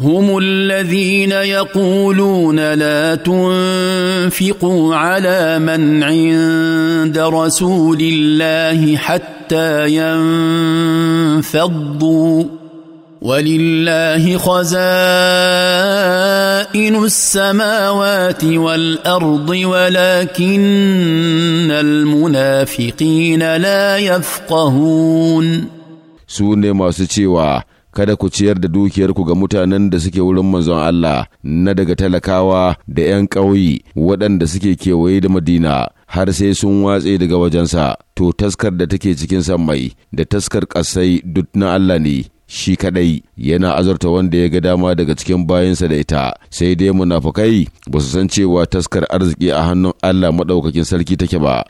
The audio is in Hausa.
هم الذين يقولون لا تنفقوا على من عند رسول الله حتى ينفضوا ولله خزائن السماوات والارض ولكن المنافقين لا يفقهون سونه masu kada ku ciyar da dukiyarku ga mutanen da suke wurin manzon Allah na daga talakawa da ‘yan ƙauyi waɗanda suke kewaye da Madina har sai sun watse daga wajensa, to taskar da take cikin mai da taskar ƙasai duk na Allah ne. Shi kaɗai yana azurta wanda ya ga dama daga cikin bayansa da ita, sai dai munafukai ba su san cewa taskar arziki a hannun Allah maɗaukakin sarki take ba.